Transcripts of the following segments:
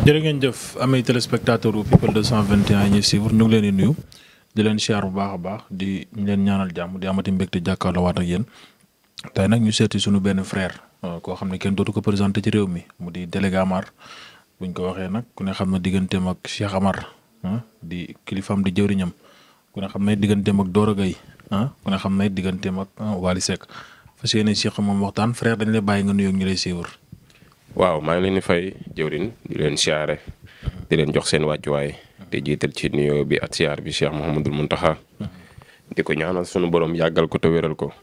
jërë ngeen jëf amee téléspectateur u People 221 ñuy suivre ñu ngi leen di nuyu di leen siyaar bu baax a baax di leen ñaanal jàmm di amati te jàkkaarloo waat ak yéen tey nag ñu seeti suñu benn frère euh, koo xam ne kenn dootu ko présenté ci réew mi mu di délégué Amar buñ ko waxee nag ku ne xam na digganteem ak Cheikh Amar di kilifaam di jëwriñam ku ne xam ne digganteem ak door Doro Gaye ku ne xam ne digganteem ak Wally Seck fas yéene Cheikh moom waxtaan frère dañ lay bàyyi waaw maa ngi leen di fay jëwrin di leen siyaare di leen jox seen wàccuwaay te jiital ci nuyoo bi ak siyaar bi Cheikh Mouhamadul Mountakha di ko ñaanal sunu borom yàggal ko te wéral ko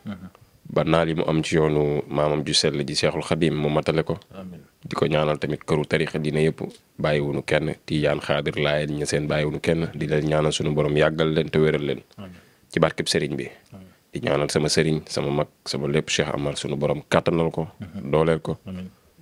ba naal yi mu am ci yoonu maamam ju sell ji Seexul Xadim mu matale ko di ko ñaanal tamit këru tarixa dina yëpp bàyyiwunu kenn Tijaan Xaadir Laayeen ña seen bàyyiwunu kenn di leen ñaanal sunu borom yàggal leen te wéral leen ci barkeb sëriñ bi di ñaanal sama sëriñ sama mag sama lépp Cheikh Amar sunu borom kàttanal ko dooleel ko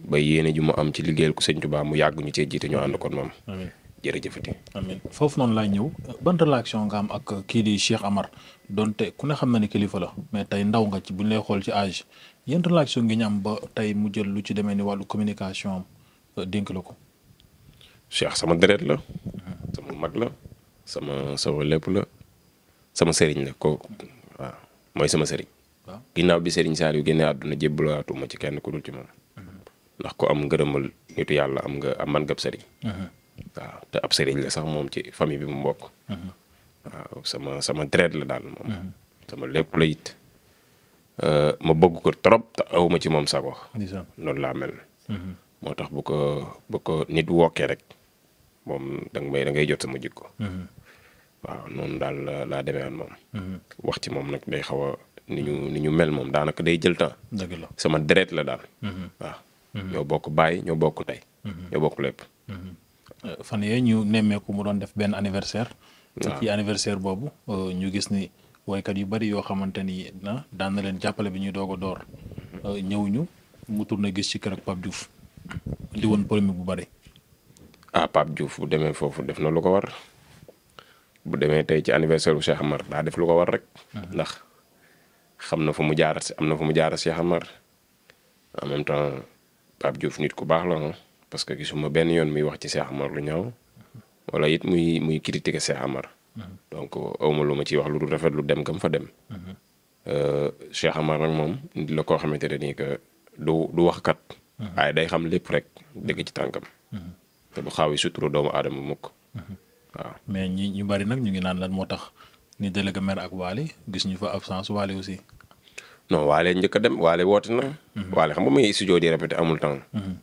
ba yéene ji mu am ci liggéeyal ko sëñ Tuubaa mu yàgg ñu cee jiite ñu ànd kon moom. amiin jërëjëfati. amiin foofu noonu laay ñëw ban relation nga am ak kii di Cheikh Amar donte ku ne xam na ne kilifa la mais tey ndaw nga ci bu ñu lay xool ci âge yan relation ngi ñu am ba tey mu jël lu ci demee ni wàllu communication am euh, dénk la ko. Cheikh sama deret la. sama mag la. sama sama lépp la. sama sëriñ la ko mooy sama sëriñ. waaw ginnaaw bi sëriñ Saliou génne àdduna jébbalaatuma ci kenn ku dul ci moom. ndax ku am ngërëmal nitu yàlla am nga am man nga ab sëriñ. Mhm. waaw ab sëriñ la sax moom ci famille bi mu bokk. Mhm. sama sama deret la daal mhm. sama lépp la it. Euh, ma bëgg ko trop te ci moom sago. noonu laa mel. moo tax bu ko bu ko nit wokkee rek moom danga may da ngay jot sama jikko. waaw noonu daal laa demee woon moom. wax ci moom nag day xaw a ni ñu ni ñu mel moom daanaka day jël temps. dëgg la sama deret la daal. Mhm. ñoo bokk bàyyi ñoo bokk ndey. Mhm. ñoo bokk lépp. Mhm. Euh, fan yooyu ñu nemmeeku mu doon def benn anniversaire. waaw ci anniversaire boobu euh, ñu gis ni woykat yu bari yoo xamante ni daan na leen jàppale bi ñuy doog a door. Euh, ñëwuñu mu tourné gis ci kër ak Pape Diouf di woon bu bari. ah Pape Diouf bu demee foofu def na lu ko war bu demee tey ci anniversaire bu Cheikh Amar daa def lu ko war rek. ndax xam na fu mu jaar am na fu mu jaar Cheikh Amar en même Pape Diouf nit ku baax la woon parce que gisuma benn yoon muy wax ci Cheikh Amar lu ñaaw wala it muy muy critiquer Cheikh Amar. Mm-hmm. donc awma lu ma ciy wax lu dul rafet lu dem kam fa dem. Mm-hmm. Euh, Cheikh Amar nag moom nit la koo xamante ne nii que du du wax kat. Mm-hmm. waaye day xam lépp rek dëgg ci tànkam. te du xaaw yi sutura doomu aadama mukk waaw mais ñi ñu bari nag ñu ngi naan lan moo tax ni délégué maire ak Waly gis ñu fa absence Waly aussi. non waale njëkk a dem waale woote na. Mhm. waale xam nga mu ngi studio di répété amul temps. Mhm.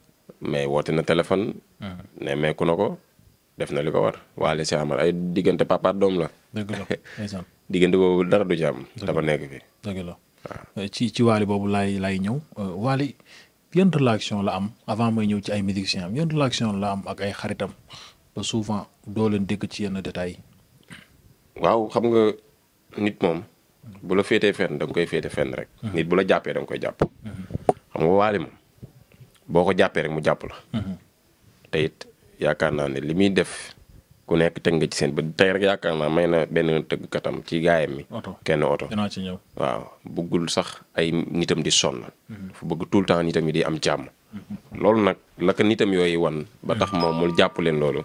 mais woote na téléphone. Mhm. ne meeku na ko def na li ko war waale si amar ay diggante papa doom la. dëgg la diggante boobu dara du ci am. dafa nekk fi dëgg ci ci waale boobu laay laay ñëw euh, waale yan relation la am avant may ñëw ci ay musiciens am yan relation la am ak ay xaritam ba souvent doo leen ci yenn détails waaw xam nga nit moom. bu la féetee fen da nga koy féete fenn rek. Mhm. nit bu la jàppee da koy jàpp. Mhm. xam nga waali moom boo ko jàppee rek mu jàpp la. Mhm. te it yaakaar naa ne li muy def ku nekk teg nga ci seen ba tey rek yaakaar naa may na benn tëggkatam ci gaayam mi. kenn oto dinaa ci ñëw. waaw bëggul sax ay nitam di sonn. fu bëgg tout le temps nitam yi di am jàmm. loolu nag la nitam yooyu wan. ba tax moom mu jàpp leen loolu.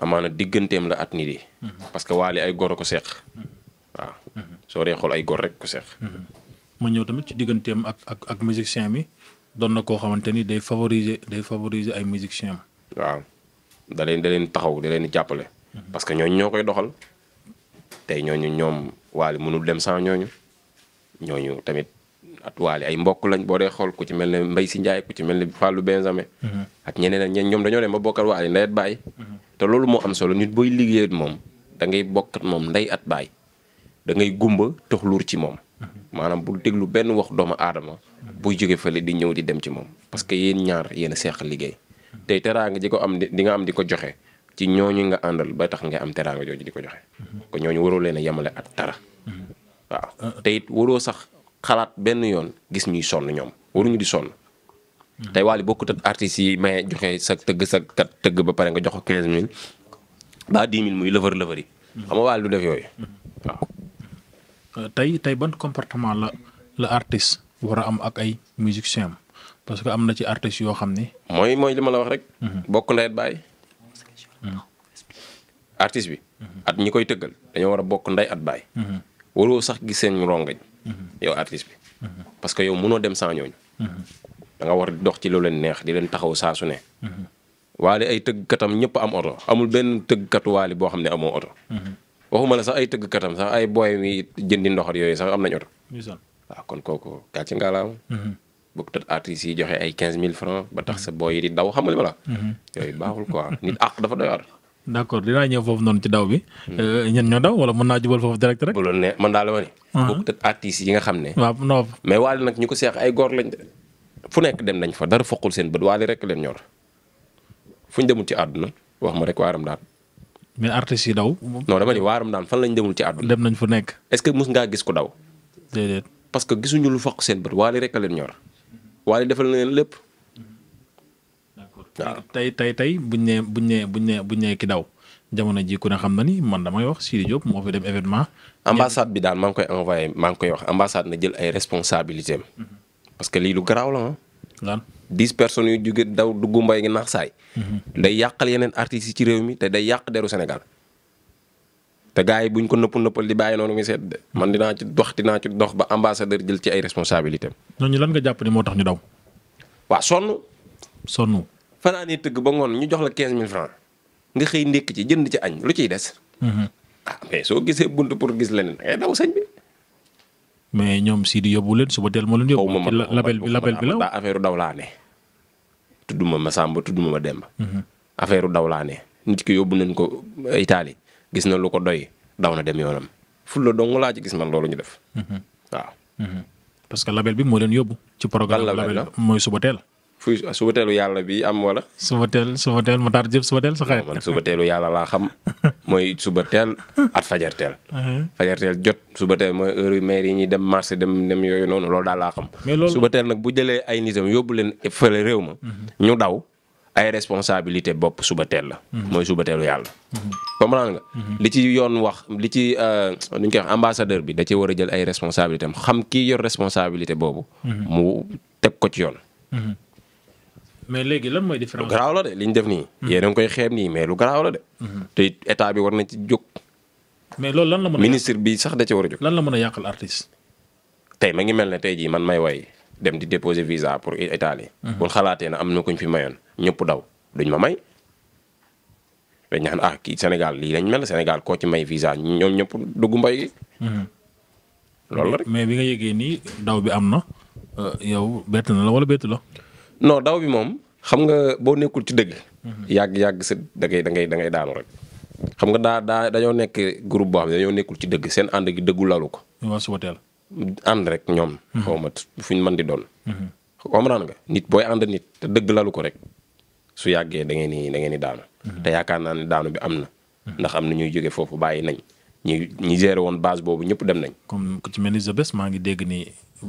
amaana digganteem la at nit yi. parce que waali ay goro ko seq. Mhm. soo dee xool ay góor rek ku seex. Mhm. ma ñëw tamit ci digganteem ak ak ak musicien mi doon na koo xamante ni day favoriser day favoriser ay musicien waaw da leen da leen taxaw da leen jàppale. Mhm. parce que ñooñu ñoo koy doxal tey ñooñu ñoom waali mënul dem sans ñooñu ñooñu tamit. at waale ay mbokk lañ boo dee xool ku ci mel ne mbay si Ndiaye ku ci mel ne Fallou Benjamin ak ñeneen ak ñeneen ñoom dañoo dem ba bokkal waale ndey at baay. te loolu moo am solo nit booy liggéey moom dangay ngay bokkat moom ndey at baay. da ngay gumba tox luur ci moom maanaam bu déglu benn wax doomu aadama buy jóge fële di ñëw di dem ci moom parce que yéen ñaar yéen a seeq liggéey tey teraanga ji ko am di nga am di ko joxe ci ñooñu nga àndal ba tax nga am teraanga jooju di ko joxe ko ñooñu waroo leen a ak dara waaw te it waroo sax xalaat benn yoon gis ñuy sonn ñoom waruñu di sonn tey Wally bokkut ak artistes yi may joxe sa tëgg sa kat tëgg ba pare nga jox ko 15000 ba 10000 muy lëfër lëfër yi xam nga Wally du def yooyu waaw tey tey bant comportement la la artiste war a am ak ay musiciens am parce que am na ci artistes yoo xam ne mooy mooy li ma la wax rek. Mhm. bokk ndey baay. Mhm. artiste bi. Mhm. at ñi koy tëggal dañoo war a bokk ndey at baay. waroo sax gis seen rongañ. yow artiste bi. parce que yow mënoo dem sans ñooñu. da nga war di dox ci lu leen neex di leen taxaw saa ne. waale ay tëggkatam ñëpp am oto amul benn tëggkatu waale boo xam ne amoo oto. waxuma la sax ay tëgg katam sax ay booy wi jëndi ndoxat yooyu sax am nañ oto. waaw kon kooku gàcce ngalaam. Mm-hmm. bokk tët artistes yi joxe ay quinze mille francs ba tax sa mm-hmm. booy yi di daw xam nga la. Mm-hmm. yooyu quoi nit dafa doy waar. d' accord dinaa ñëw foofu noonu ci daw bi. Euh, ñen ñoo daw wala mën naa jubal foofu direct rek. bu loolu ne la ma ne. Uh-huh. bokk tët yi nga xam ne. waaw non. mais waale nag ñu ko seex ay goor lañ fu nekk dem nañ fa dara foqul seen bët waale rek leen ñor fuñ demul ci àdduna wax ma rek waaram daal mais artistes yi daw. non dama ni waaram daan fan lañ demul ci àdduna. dem nañ fu nekk. est-ce que mus ngaa gis ku daw. parce que gisuñu lu faq seen bët waale rek a leen ñor. waale defal na leen lépp. d'accord tey tey tey buñ nee buñ nee buñ nee buñ nee ki daw jamono jii ku ne xam na ni man damay wax Sidi Diop moo fi dem événement. ambassade bi daal maa ngi koy envoyé maa ngi koy wax ambassade na jël ay responsabilités am. Mhm. parce que lii lu garaaw la ah. dix personnes yu jóge daw duggu mbay ngi naax saay. Mhm. day yàqal yeneen artistes ci réew mi te day yàq deru senegal te gaa yi buñ ko nëpp nëppal di bàyyi noonu ngi seet de man dinaa ci dox dinaa ci dox ba ambassadeur jël ci ay responsabilités ñooñu lan nga jàpp ni moo tax ñu daw. waa sonn. sonn. fanaanee tëgg ba ngoon ñu jox la quinze mille francs nga xëy ndékk ci jënd ci añ lu ciy des. Mhm. ah mais soo gisee bunt pour gis leneen da ngay daw sëñ bi. mais ñoom Sidi yóbbu leen suba teel moo leen yóbbu. ci label bi label la daa affaire daw laa ne. tudduma ma Samba tudduma ma Demba. Mhm. affaire daw laa ne. nit ki yóbbu nañ ko Italie gis na lu ko doy daw na dem yoonam ful la dong laa ci gis man loolu ñu def. Mhm. waaw. Mhm. parce que label bi moo leen yóbbu. ci programme label mooy suba fuy suba teelu yàlla bi am wala. suba teel suba teel mu taar jëpp suba teel sa xarit. man suba yàlla laa xam mooy suba teel at fajar teel. Uh-huh. jot suba teel mooy heure yi ñuy dem marché dem dem yooyu noonu loolu daal laa xam. suba teel nag bu jëlee ay nitam yóbbu leen fële réew ma. Uh-huh. ñu daw ay responsabilité bopp suba teel la. Uh-huh. mooy suba teelu yàlla. comprendre nga. li ci yoon wax li ci euh, nuñ koy wax ambassadeur bi da ci war a jël ay responsabilité am xam kii yor responsabilité boobu. mu teg ko ci yoon. mais léegi lan mooy différence. lu garaaw la de li ñu def nii. Hmm. yéen a ngi koy xeeb nii mais lu garaaw la de. Hmm. te état bi war na ci jóg. mais lool lan la mën a ministre sax da ci war a jóg. lan la mën a yàqal artiste. tey ma ngi mel ne tey jii man may way dem di déposé visa pour Italie. Hmm. bu xalaatee na am na ku ñu fi mayoon ñëpp daw duñ ma may. dañ naan ah kii Sénégal lii lañ mel Sénégal koo ci may visa ñoom ñëpp dugg mbay loolu la mais bi nga yëgee nii daw bi am na euh, yow bett na la wala bett la. non daw bi moom xam nga boo nekkul ci dëgg. Mhm. yàgg yàgg sa da ngay da ngay da ngay daanu rek. xam nga daa daa dañoo nekk groupe boo xam ne dañoo nekkul ci dëgg seen ànd gi dëggu lalu ko. waaw suba teel ànd rek ñoom. Mhm. xaw ma ñu mën di doon. Mhm. comprendre nga nit booy ànd nit te dëgg lalu ko rek su yàggee da ngeen ni da ngeen ni daanu. te yaakaar naa ne daanu bi am na. ndax am na ñuy jóge foofu bàyyi nañ. ñi ñi géré woon base boobu ñëpp dem nañ. comme ku ci mel ni The Best maa ngi dégg nii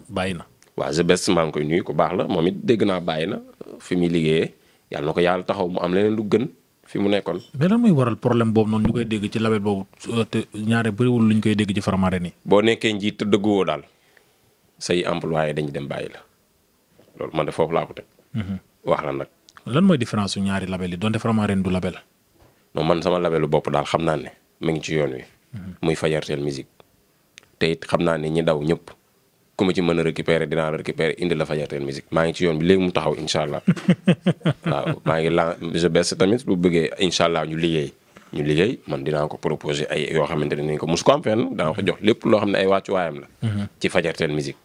bàyyi na. waa je best maa koy nuyu ku baax la moom it dégg naa bàyyi na fi muy liggéeyee yàlla na ko yàlla taxaw mu am leneen lu gën fi mu nekkoon. mais lan muy waral problème boobu noonu ñu koy dégg ci label boobu euh, te ñaare bëriwul lu ñu koy dégg ci Faramareen yi. boo nekkee njiit te dëgguwoo daal say employé dañu dem bàyyi la loolu man de foofu laa ko teg. Mhm. wax la nag. lan mooy difference su ñaari label yi donte Faramareen du label. non man sama labelu bopp daal xam naa ne mu ngi ci yoon wi. Mhm. muy Fajartel musique te it xam naa ne ñi daw ñëpp. ku ma ci mën a récupérer dinaa la récupérer indi la Fajatel musique maa ngi ci yoon bi léegi mu taxaw incha allah waaw maa ngi lan je baisse tamit bu bëggee incha allah ñu liggéey man dinaa ko proposer ay yoo xamante ne nañ ko mosu ko am fenn dinaa ko jox lépp loo xam ne ay wàccuwaayam la. Mm-hmm. ci Fajatel musique.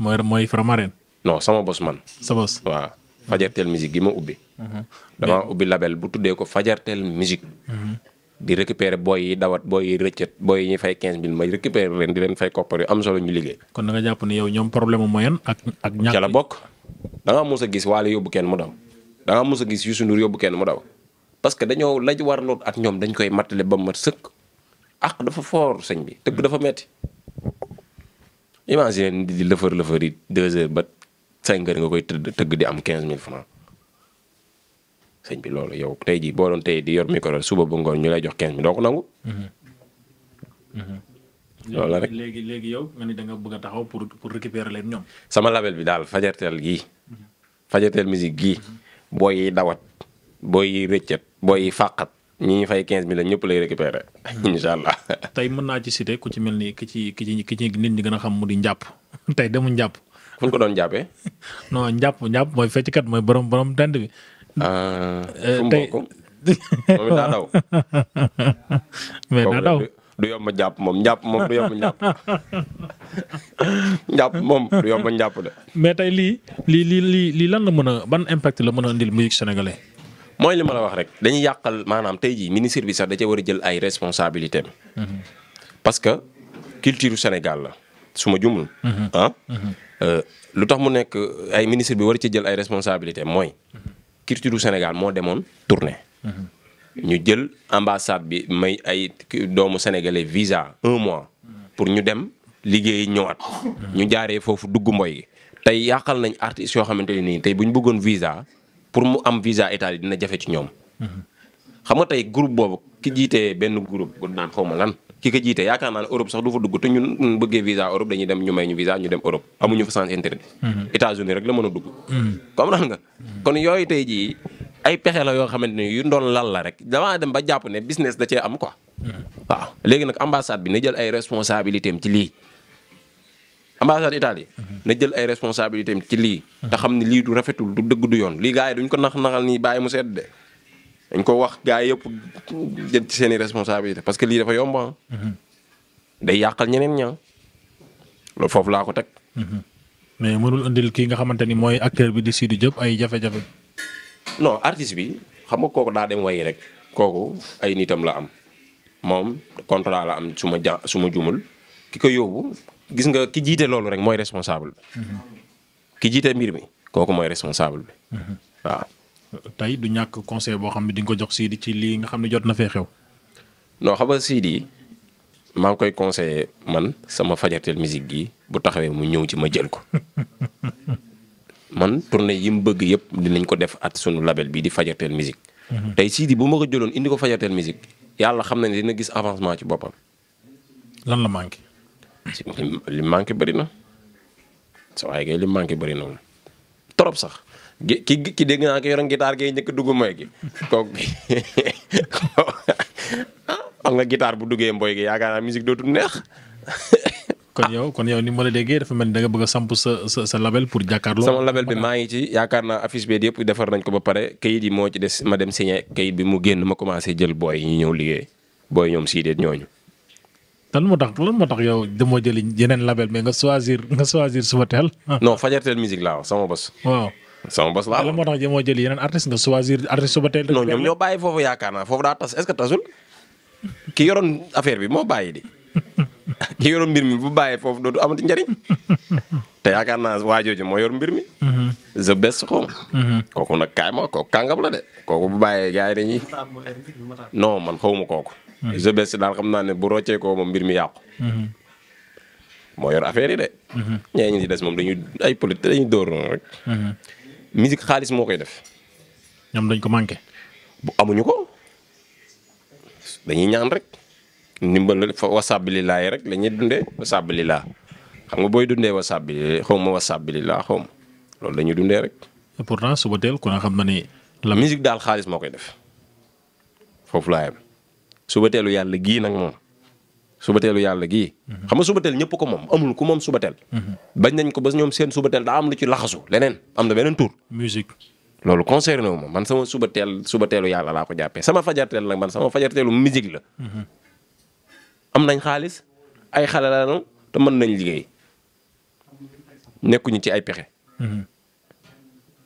mooy mooy Faramareen. non sama bos man. sa bos waaw. Fajatel musique gi ma ubbi. Mm-hmm. damaa ubbi label bu tuddee ko Fajatel musique. Mm-hmm. di récupérer booy yi dawat booy yi rëccët booy yi ñuy fay 15000 may récupérer leen di leen fay koppar yu am solo ñu liggéey. kon da nga jàpp ne yow ñoom problème mu moyen ak ak. ñàkk ca la bokk da ngaa a gis waale yóbbu kenn mu daw da ngaa mos a gis Youssou Ndour yóbbu kenn mu daw parce que dañoo lañ warloot ak ñoom dañ koy mattale ba mat sëkk ak dafa foor sëñ bi tëgg dafa metti imagine di lëfër lëfër yi 2 heures ba 5 heures nga koy tëgg di am 15000 francs sëñ yow tey jii boo doon tey di yor micro suba bu ngoon ñu lay jox 15 mi doo mm-hmm. léegi léegi yow nga ni da nga a taxaw pour pour récupérer leen ñoom. sama label bi daal fajarteel gi mm-hmm. fajarteel musique gii mm-hmm. booy dawat booy yi booy yi fàqat ñi ñu fay 15 mille ñëpp lay récupérer. incha allah. tey mën naa ci cité ku ci mel ni ki ci ki ci ki ci nit ñi gën a xam mu di njàpp tey demu njàpp. fu ñu ko doon jàppee. non njàpp njàpp mooy fecckat mooy borom borom dend bi. Ah, eh, fu mu bokk moom daa daw. mais daa daw du yomb njàpp moom njàpp moom du yomb njàpp moom du yomb njàpp de. mais tey lii lii lii lii lan la mën a ban impact la mën a indil musique sénégalais. mooy li ma la wax rek dañuy yàqal maanaam tey jii ministre bi sax da war a jël ay responsabilités mm-hmm. parce que culture Sénégal la suma ma jumul. Mm-hmm. Ah? Mm-hmm. Euh, lu tax mu nekk ay ministre bi war ci jël ay responsabilités mooy. culture Sénégal moo demoon tournée. ñu jël ambassade bi may ay doomu sénégalais visa un mois. pour ñu dem liggéey ñëwaat. ñu jaaree foofu dugg mboy gi tey yàqal nañ artistes yoo xamante ne nii tey bu ñu bëggoon visa pour mu am visa Italie dina jafe ci ñoom. Mhm. xam nga tey groupe boobu ki jiitee benn groupe bu naan xaw ma lan. ki ko jiite yaakaar naa ne Europe sax du fa dugg te ñun bëggee visa Europe dañuy dem ñu may ñu visa ñu dem Europe amuñu fa sens interdit. Mhm. États-Unis rek la mën a dugg. Mhm. comprendre nga. Mhm. kon yooyu tey jii ay pexe la yoo xamante ne yu ndoon lal la rek damaa dem ba jàpp ne business da cee am ko waaw léegi nag ambassade bi na jël ay responsabilités am ci lii. ambassade Italie na jël ay responsabilités ci lii. te xam ne lii du rafetul du dëgg du yoon lii gaa yi duñ ko nax naxal nii bàyyi dañ ko wax gars yëpp jël seeni seen i parce que lii dafa yomb ah. Mhm. day yàqal ñeneen ñaa loolu foofu laa ko teg. Mhm. mais mënul indil kii nga xamante ni mooy acteur bi di Sidy Diop ay jafe-jafe. non artiste bi xam nga kooku daa dem wayi rek kooku ay nitam la am moom contrat la am suma ma ja jumul ki ko yóbbu gis nga ki jiite loolu rek mooy responsable. Mhm. ki jiite mbir mi kooku mooy responsable bi waaw. tey du ñàkk conseil boo xam ne di ko jox di ci lii nga xam ne jot na fee xew. non xam nga Sidi maa ngi koy conseiller man sama fajarteel musique gi bu taxawee mu ñëw ci ma jël ko man tournée yi mu bëgg yëpp dinañ ko def at sunu label bii di fajarteel musique. Mhm. tey Sidi bu ma ko jëloon indi ko fajarteel musique yàlla xam na ne dina gis avancement ci boppam. lan la manqué. li manqué bëri na sa waaye kay li manqué bëri na trop sax. ki ki dégg naa ko yoroon guitare gi njëkk dugg mooy gi kooku xam nga guitare bu duggee mboy gi yaakaar naa musique dootul neex. kon yow kon yow ni ma la déggee dafa mel ni da bëgg a samp sa sa sa label pour jàkkaar sama label maa ngi ci yaakaar naa affiche yëpp defar nañ ko ba pare kayit yi moo ci des ma dem signé kayit bi mu génn ma commencé jël booy yi ñëw liggéey booy ñoom sii déet ñooñu. moo tax lan moo tax yow demoo jëli yeneen label mais nga choisir nga choisir Subatel. non Fajartel musique laa sama bos. waaw sama bos laa. wala moo tax moo jël yeneen artiste nga choisir artiste suba teel. non ñoom ñoo bàyyi foofu yaakaar naa foofu daa tas est tasul ki yoroon affaire bi moo bàyyi di ki yoroon mbir mi bu bàyyee foofu dootu amati njariñ te yaakaar naa moo yor mbir mi. Mhm. the mhm. kooku nag kaay ma kooku kàngam la de kooku bu bàyyee gars yi dañuy. non man xawma kooku. Mhm. the best daal xam naa ne bu roccee koo moom mbir mi yàqu. moo yor affaire yi de. ñee ñi ci des moom dañuy ay politique dañuy dóor musique xaalis moo koy def. ñoom dañ ko manqué. bu amuñu ko dañuy ñaan rek ndimbal fa wasaab bi rek la dundee wasaab bi xam nga booy dundee wasaab bi xaw ma wasaab bi xaw ma loolu dañuy dundee rek. et pourtant suba teel ku ne xam na ni. la musique daal xaalis moo koy def foofu laa suba teelu yàlla gii nag moom. suba subateelu yàlla gii. Mhm. xam nga teel ñëpp ko moom amul ku moom subateel. Mhm. bañ nañ ko ba ñoom seen subateel daa am lu ci laxasu leneen am na beneen tur. musique loolu concerné wu ma man sama suba subateelu yàlla laa ko jàppee sama fajarteel nag man sama fajarteelu musique la. Mhm. am nañ xaalis ay xale te mën nañ liggéey nekkuñu ci ay pexe.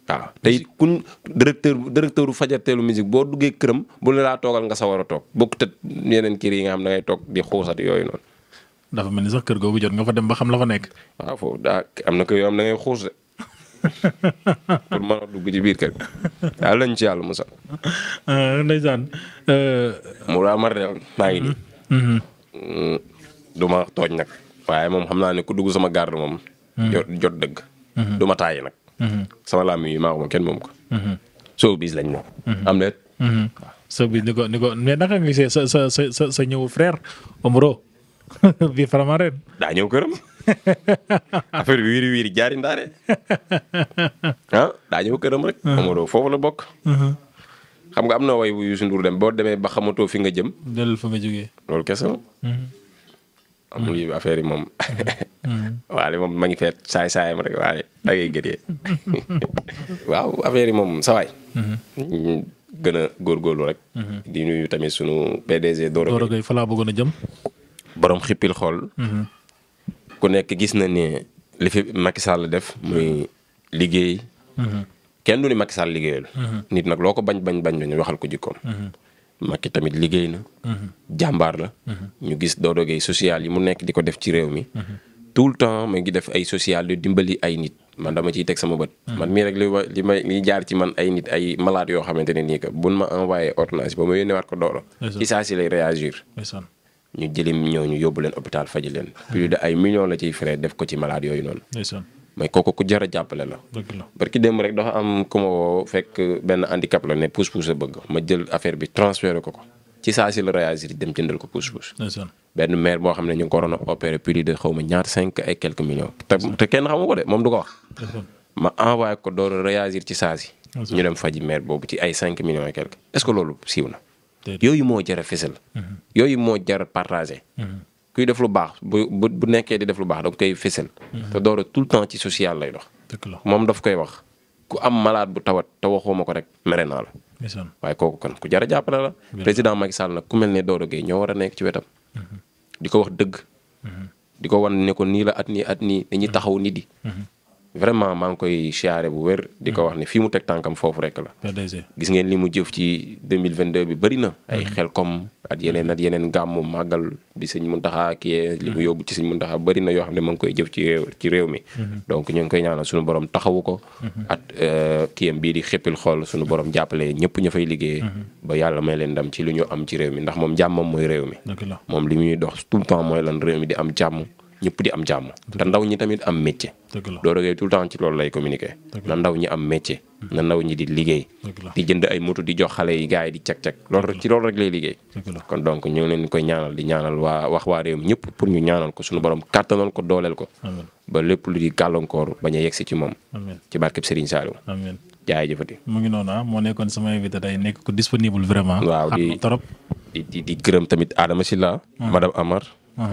waaw tey kun directeur directeur bu fajarteelu musique boo duggee këram bu la laa toogal nga sa war a toog bokk te yeneen kër yi nga xam da ngay toog di xuusat yooyu noonu. dafa mel ni sax kër googu jot nga fa dem ba xam la fa nekk. waaw foofu daa am na kër yoo xam ngay xuus de pour mën a dugg ci biir kër gi lañ ci yàlla mu ah, ndeysaan. Euh, mu laa mar de maa ngi nii. Mm-hmm, mm-hmm. Mm, du ma tooñ nag waaye moom xam naa ne ku dugg sama garde moom. Mm-hmm. jot dëgg. du ma nag. sama laam yi maa ko kenn moom ko. showbiz lañ nekk. am na it. showbiz ni ko ni ko mais naka nga gisee sa sa sa sa ñëw frère Omro bi Faramaren. daa ñëw këram affaire bi wiiri wiiri jaari ndaare ah, daa ñëw këram rek. Ah. Omro foofu la bokk. Mhm. xam nga am na way bu Youssou dem boo demee ba xamatoo fi nga jëm. dellu fa nga jógee. loolu kese la. Mhm. muy affaire yi moom. Mm. waale moom ma ngi feet saay saayam rek waaye da ngay gëdee waaw affaire moom sawaay mm-hmm. ñu gën a rek. Mm-hmm. di tamit sunu PDG. Doro Gueye fa laa jëm. borom xippil xool. Mm-hmm. ku nekk gis na ne li fi Macky Sall def muy liggéey. kenn du ni Macky liggéeyal. nit nag loo ko bañ bañ bañ bañ waxal ko jikkoom. Macky tamit liggéey na. Mhm. jàmbaar la. Mhm. ñu gis Dodo Gueye social yi mu nekk di ko def ci réew mi. Mhm. tout le temps ma ngi def ay social di dimbali ay nit man dama ciy teg sama bët. man mii rek li ma li may li jaar ci man ay nit ay malade yoo xamante ne nii que ma envoyé ordonnance ba ma yónneewaat ko Dodo. ci saa si lay réagir. ñu jëli ñooñu yóbbu leen hôpital faji leen. plus de ay millions la ciy frais def ko ci malade yooyu noonu. mooy kooku ku jar a jàppale la. dëgg la barki démb rek dafa am ku ma woo fekk benn handicap la ne pousse pousse a bëgg ma jël affaire bi transféré ko ko ci saa si la réagir dem jëndal ko pousse pousse. benn maire boo xam ne ñu ngi ko waroon a opéré plus de xaw ma ñaar cinq ay quelques millions. te kenn xamu ko de moom du ko wax. ma envoyé ko door a réagir ci saa si. ñu dem faji maire boobu ci ay cinq millions et quelques est ce que loolu siiw na. yooyu moo jar a fësal. Mm-hmm. yooyu moo jar a kuy def lu baax bu bu bu nekkee di def lu baax da nga koy fësal. te Doro tout le temps ci social lay dox. moom daf koy wax ku am malaat bu tawat te waxoo ma ko rek mere naa la. waaye kooku kon ku jar a jàppale la. président Macky nag ku mel ne Doro Gueye ñoo war a nekk ci wetam. Mm-hmm. di ko wax dëgg. Mm-hmm. di ko wan ne ko nii la at nii at nii dañuy mm-hmm. taxaw nit yi. vraiment maa ngi koy siyaare bu wér. di ko mm. wax ne fii mu teg tànkam foofu rek la. gis ngeen li mu jëf ci 2022 bi bëri na. ay mm. xel kom at yeneen at yeneen gàmmu màggal bi sëñ Muntaxa kii ki mu mm. yóbbu ci sëñ Muntaxa bëri na yoo xam ne ma ngi koy jëf ci réew ci réew mi. Mm-hmm. donc ñu ngi koy ñaanal suñu borom taxawu ko. Mm-hmm. at ki euh, kiyam bii di xéppil xool sunu borom jàppale ñëpp ña fay liggéey. Mm-hmm. ba yàlla may leen ndam ci lu ñu am ci réew mi ndax moom jàmmam mooy réew mi. moom li muy dox tout le temps mooy lan réew mi di am jàmm ñépp di am jàmm. te ndaw ñi tamit am métier. dëgg la Doro Gaye tout le temps ci loolu lay communiquer. na ndaw ñi am métier. Hmm. na ndaw ñi di liggéey. di jënd ay moto di jox xale yi gars yi di cek cek loolu ci loolu rek lay liggéey. kon donc ñu ngi leen koy ñaanal di ñaanal waa wax waa réew mi ñëpp pour ñu ñaanal ko suñu borom kàttanal ko dooleel ko. ba lépp lu di gàllankoor bañ a yegsi ci moom. ci barkeb Serigne Saliou. amiin jaajëfati. mu ngi noonu ah moo nekkoon sama invité day nekk ku disponible vraiment. waaw di di di gërëm tamit Adama Sylla hmm. madame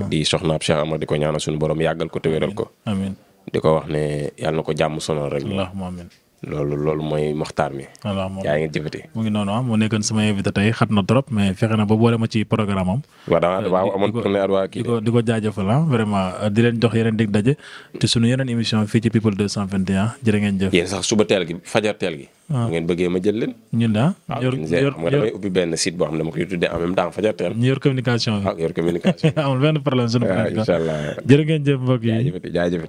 di soxnaab Cheikh Amar di ko ñaanal suñu borom yàggal ko te wéral ko. amiin di ko wax ne yàlla na ko jàmm solo rek. allahumma amiin loolu loolu mooy moxtaar mi. voilà ngi jëfati. mu ngi noonu ah moo nekkoon sama invité xat na trop mais fexe na ba boole ma ci programme am. waaw euh, di ko di ko jaajëfal ah vraiment euh, di leen jox yeneen dig daje. te sunu yeneen émission fii ci people 221 jërë ngeen jëf. Ah. jël leen. ñun daal yor yor waaw damay ubbi benn yor communication ah, yor communication. amul benn problème sunu. waaw ah, incha ngeen jëf mbokk yi